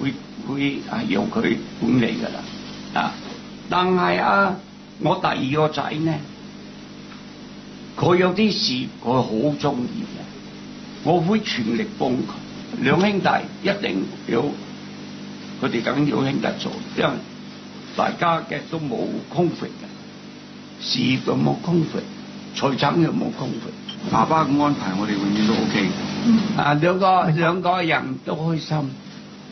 會會係由佢管理噶啦啊！但係啊，我第二個仔呢，佢有啲事，佢好中意嘅，我會全力幫佢。兩兄弟一定要佢哋梗要兄弟做，因為大家嘅都冇空隙嘅，事業又冇空隙，財產又冇空隙。爸爸嘅安排我，我哋永遠都 OK。啊，兩個兩個人都開心。